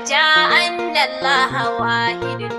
رجاء أن الله واحد